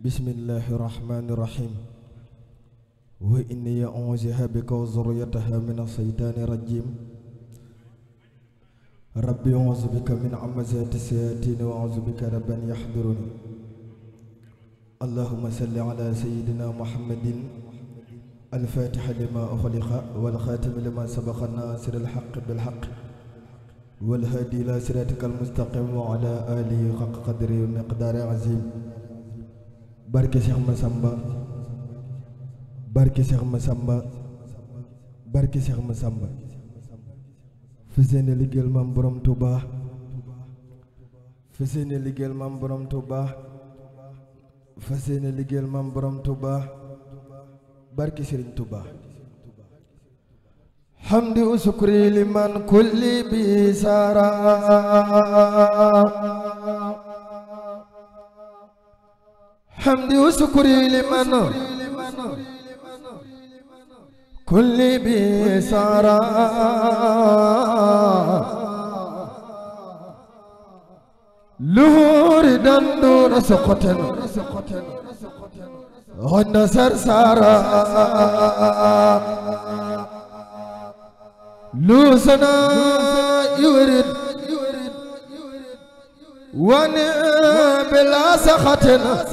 بسم الله الرحمن الرحيم وإني أعوذ بك وذريتها من الشيطان الرجيم ربي أعوذ بك من عمزات الشياطين وأعوذ بك رب أن يحضرني اللهم صل على سيدنا محمد الفاتح لما أخلق والخاتم لما سبق الناصر الحق بالحق والهادي إلى صراطك المستقيم وعلى آله حق قدره ومقدار عظيم barke Cheikh Massamba barke Cheikh Massamba barke Cheikh Massamba fas yéene liggéeyal borom Touba fas yéene liggéeyal borom Touba fas yéene liggéeyal borom Touba barke Serigne hamdi u liman kulli bi حمدي وشكري لمن كل بسارة لهور دندو رسقتن غن سرسارة لوسنا يورد وانا بلا سخطنا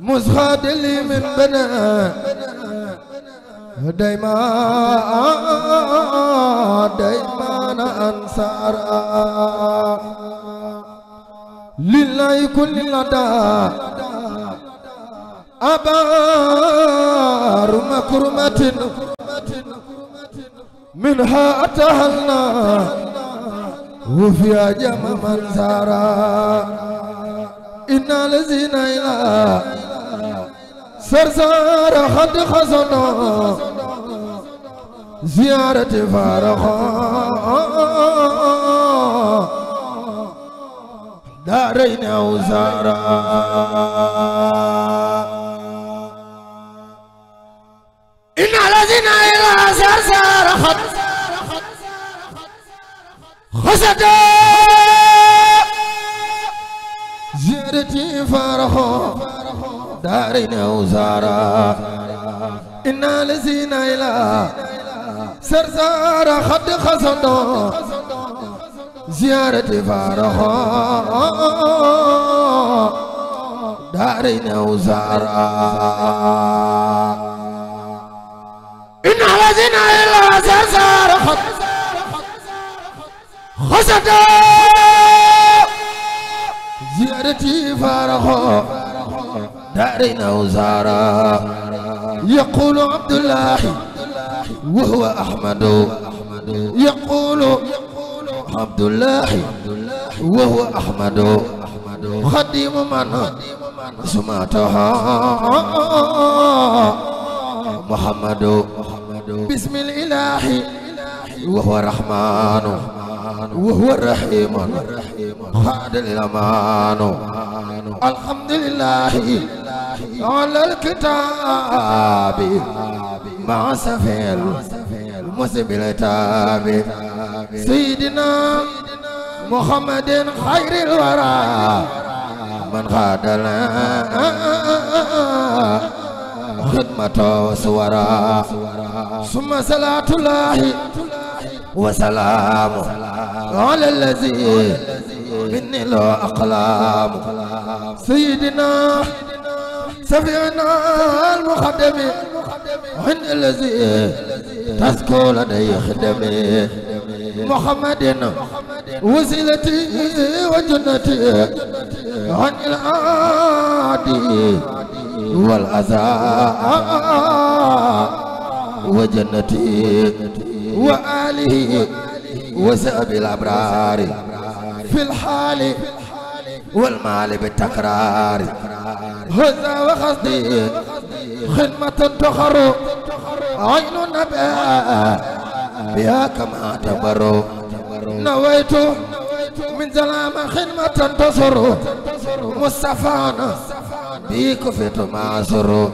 مزخد اللي من بنا دايما دايما أنصار لله كل لدى أبار مكرمة منها أتهلنا وفي أجام من سارا إن الذين إلى سرسار خد خزنا زيارة فارخا دارين أوزارا إن لزينا إلا سرسار خد خسدا زيرتي فرحو دارنا وزارا إنا لزينا إلى سرزارا خد خسدو زيارتي فرحو دارنا وزارا إنا لزينا إلى سرزارا خد xasata زيارتي فارغ دارنا وزارة يقول عبد الله وهو أحمد يقول عبد الله وهو أحمد خديم من سمعتها محمد بسم الإله وهو رحمن وهو الرحيم خاد الأمان الحمد لله على الكتاب مع سفير مسلم التاب سيدنا محمد خير الورى من خاد خدمته سورا ثم صلاة الله وسلام على الذي مني لا أقلام سيدنا سفينا المخدم عند الذي تذكر لدي خدمي محمد وسيلتي وجنتي عن العادي والعزاء وجنتي وآله وزعب الأبرار في الحال والمال بالتكرار هذا وخصدي خدمة تخر عين نبأ بها كما تبر نويت من زلام خدمة تصر مصطفانا بيك في تماسر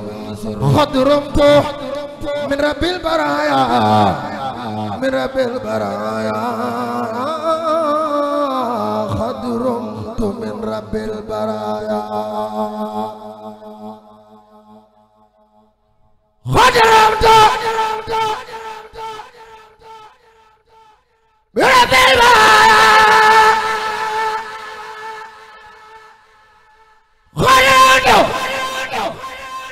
خضرمك من رب البرايا mera bel baraya khadrum tumin rabbil baraya khadrum to mera bel baraya khadrum to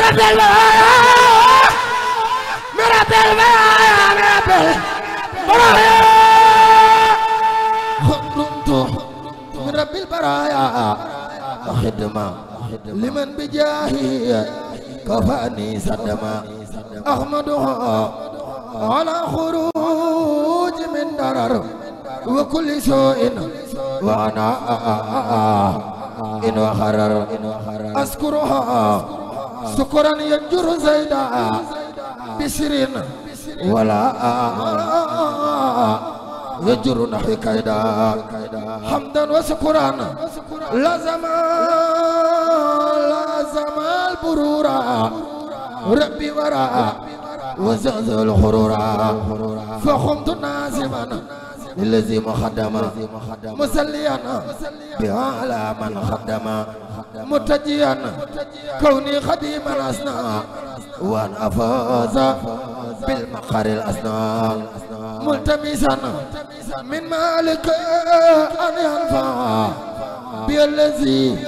mera bel baraya mera bel baraya خدما لمن بجاهي كفاني صدما أحمدها على خروج من درر وكل سوء وأنا إن وخرر أذكرها سكرا ينجر زيدا بسر ولا يجرنا حكايدا حمدا وشكرا لازم لازم البرورا ربي وراء وزلزل حرورا فخمت نازما للذي مخدما مسليا بها على من خدما متجيا كوني خديما الاسنى وان افاز بالمقر الاسنان ملتمسا من مالك أن ينفع بالذي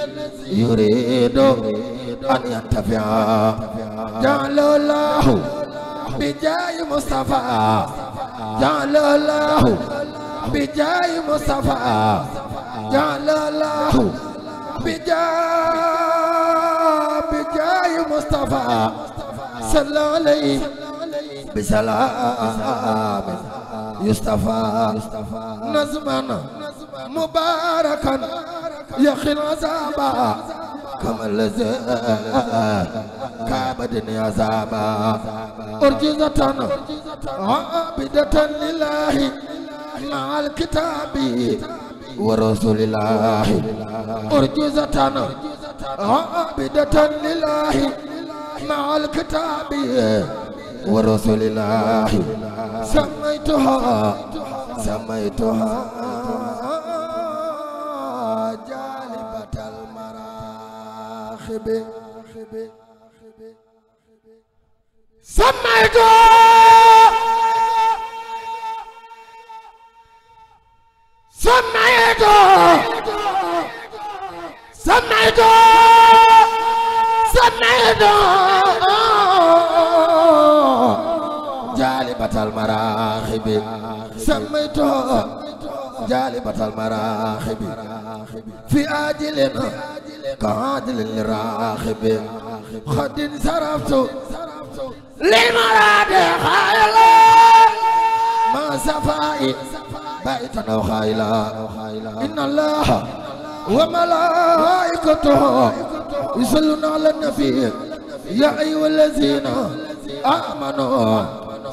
يريد أن ينتفع جعل الله بجاي مصطفى جعل الله بجاي مصطفى جعل الله بجاي بجاي مصطفى صلى عليه بسلام مصطفى نزمان مباركا يخي العذاب كما الذي كابدني زابا أرجزة عابدة لله مع الكتاب ورسول الله أرجزة عابدة لله مع الكتاب ورسول الله سميتها سميتها جالبة المراخب سميتها سميتها سميتها سميتها جالبة المراخب سميته جالبة المراخب في آجل كعادل للراخب قد انصرفت للمراد خايلا ما سفائي بيتنا خايلا إن الله وملائكته يصلون على النبي يا أيها الذين آمنوا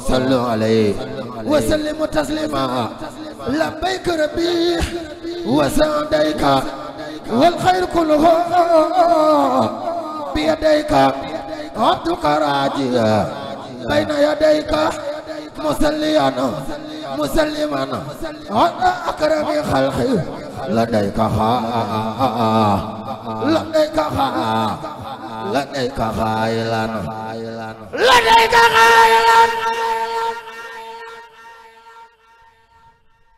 صلوا عليه وسلم تسليما لبيك ربي وسعديك والخير كله بيديك عبدك راجيا بين يديك مسليا مسلما على أكرم خلقي لديك ها لديك ها لديك خايلا لديك خايلا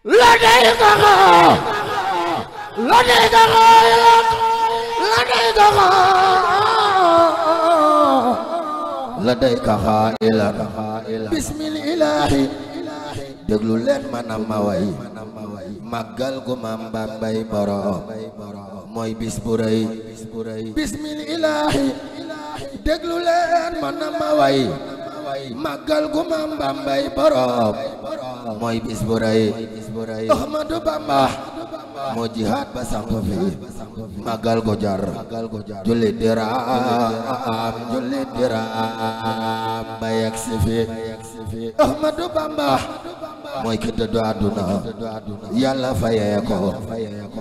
لدي دغا لدي دغا لدي دغا لديك خائلا بسم الإله déglu leen manam ma way màggal gu Maam Bambay boroom mooy bis bu rëy bismil ilaahi déglu leen manam ma way màggal gu maam Bambay borom mooy bis bu rëy Ahmadu Bamba moo jihaat ba samp fi màggal gu jar julli diraam julli diraam ba yegsi fi Ahmadu Bamba mooy ki dëddu àdduna yàlla fayee ko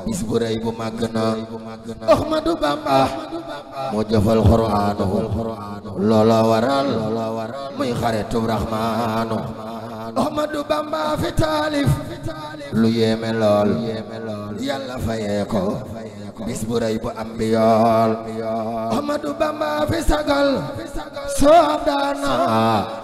bis bu rëy bu màgg na Ahmadu Bamba moo jëfal xuraanu looloo waral muy xaritu Rahmaanu Ahmadu Bamba fi taalif lu yéeme lool yàlla fayee ko bis bu rëy bu am bi yool Ahmadu Bamba fi sagal soo daana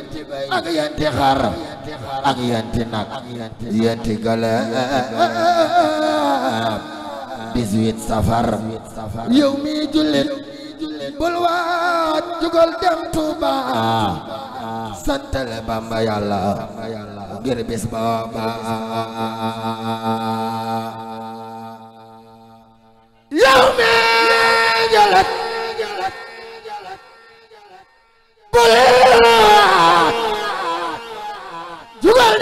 ak yanti xar ak yanti nag yanti gala dix-huit safar yow mi jullit bul dem Tuuba santale Bamba yàlla ngir bis booba yow mi jullit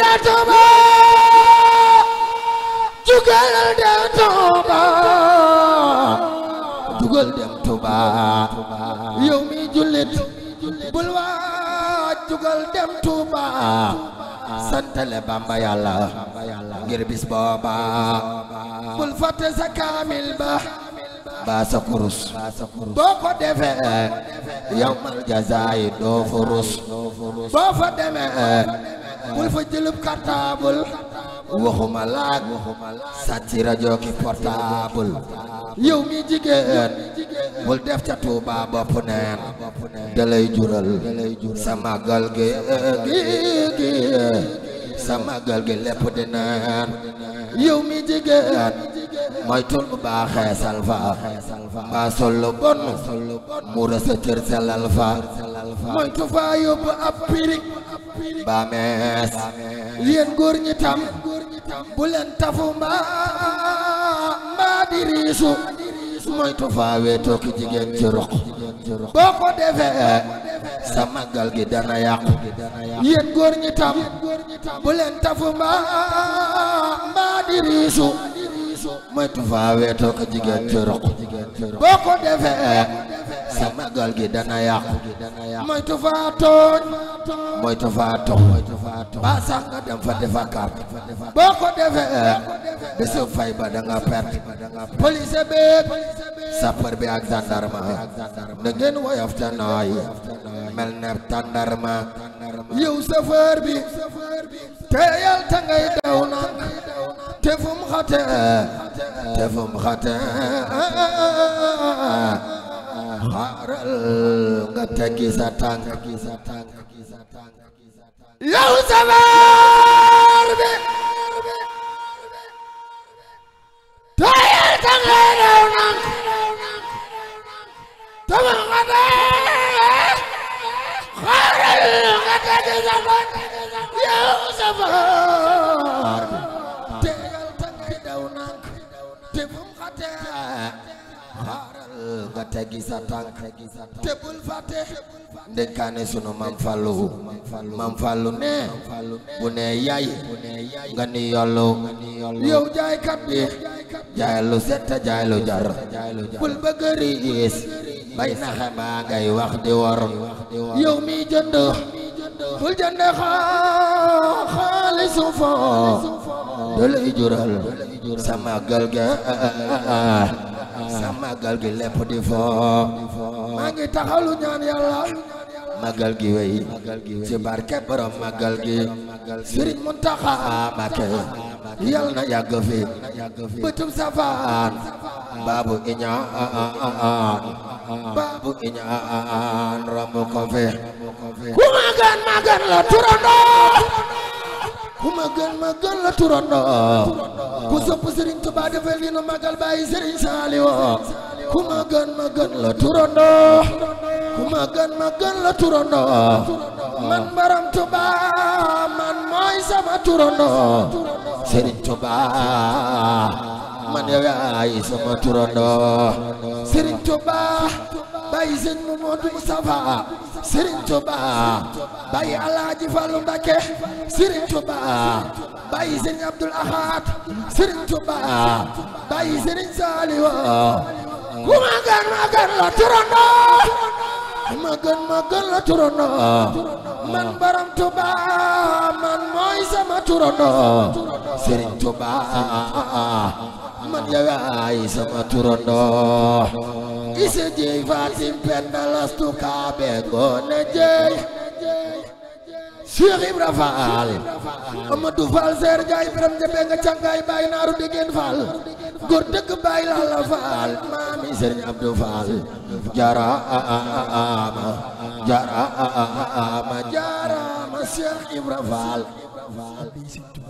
Tuuba jugal dem Tuuba jugal dem Tuuba yow mi jullit bul jugal dem Tuuba santale Bamba Yàlla ngir bis booba bul fàtte sa kaamil ba ba kurus boo ko defee mal jazaay doo furus boo demee bul fa jëlub cartable waxuma laag sàcci rajo ki portable mi jigéen bul def ca Tuuba bopp neen da lay jural sa màggal gi gi sa màggal gi lépp di neen yow mi jigéen mooy bu baaxee sal fa mbaa bon mu rës cër sellal fa mooy faa yóbbu ab pirig bamees yéen góor ñi tam bu leen tafu mbaa mbaa di riisu moytu faawee tokki jigéen ci boo ko defee sa màggal gi dana yàqu yéen góor ñi tam bu leen tafu mbaa mbaa di riisu moytu faawee tokki jigéen ci boo ko defee sa magal gi dana yàqu moytu faa tooñ moytu faa tooñ ba sax nga dem fa defa carte boo ko defee eh, bisu fay ba da nga perte police beeg sapeur bi ak gendarme na ngeen woyof te nooy mel ne tàndarma yow chauffeur bi teeyal te ngay daw na te fum xate te fum xate ah, ah, ah, xaaral nga teggi sa tànk yow sabar bi tayal ta nga rew nan tama nga dee xaaral nga teggi sa tànk yow sabar bi teggi sa tànk te bul fàtte ndénkaane sunu mam fallu mam fallu ne bu ne yaay nga ni yollu yow jaaykat bi jaay set jaay jar bul bëgg riis bay naxe maa ngay wax di wor yow mi jënd bul jënd xaalisu fo da lay jural sama gal ga Sama màggal gi lépp di foo maa ngi taxaw lu ñaan yàlla màggal gi wey ci barke borom màggal gi Sëriñ Muntaxa Mbàkke yàlla na yàgg fi bëtum safaan ko ku màggan màggan la turandoo ku ma gën ma gën la turandoo ku sopp Serigne Touba defal li nu magal bàyyi Serigne Saliou ku ma gën ma gën la turandoo ku ma gën ma gën la turandoo man baram Touba man mooy sama turandoo Serigne Touba man yaay sama turandoo Serigne Touba Baye Serigne Mamadou Moustapha Serigne Touba Baye Alhaji Fallou Mbacké Serigne Touba Baye Serigne Abdoul Ahad Serigne Touba Baye Serigne Saliou ku ma gën ma gën la turandoo ma gën la turandoo man borom Touba man mooy sama turandoo Serigne Touba man yaay sama turandoo isa jeey fatim penda lastu kaabe goone jeey Cheikh Ibra Faal Amadou Faal seer jaay biram jebe nga cangaay baay naaru degen faal góor dëkk baay laala faal maami Serigne Abdou Faal jaraama jaraama jaraama Cheikh Ibra Faal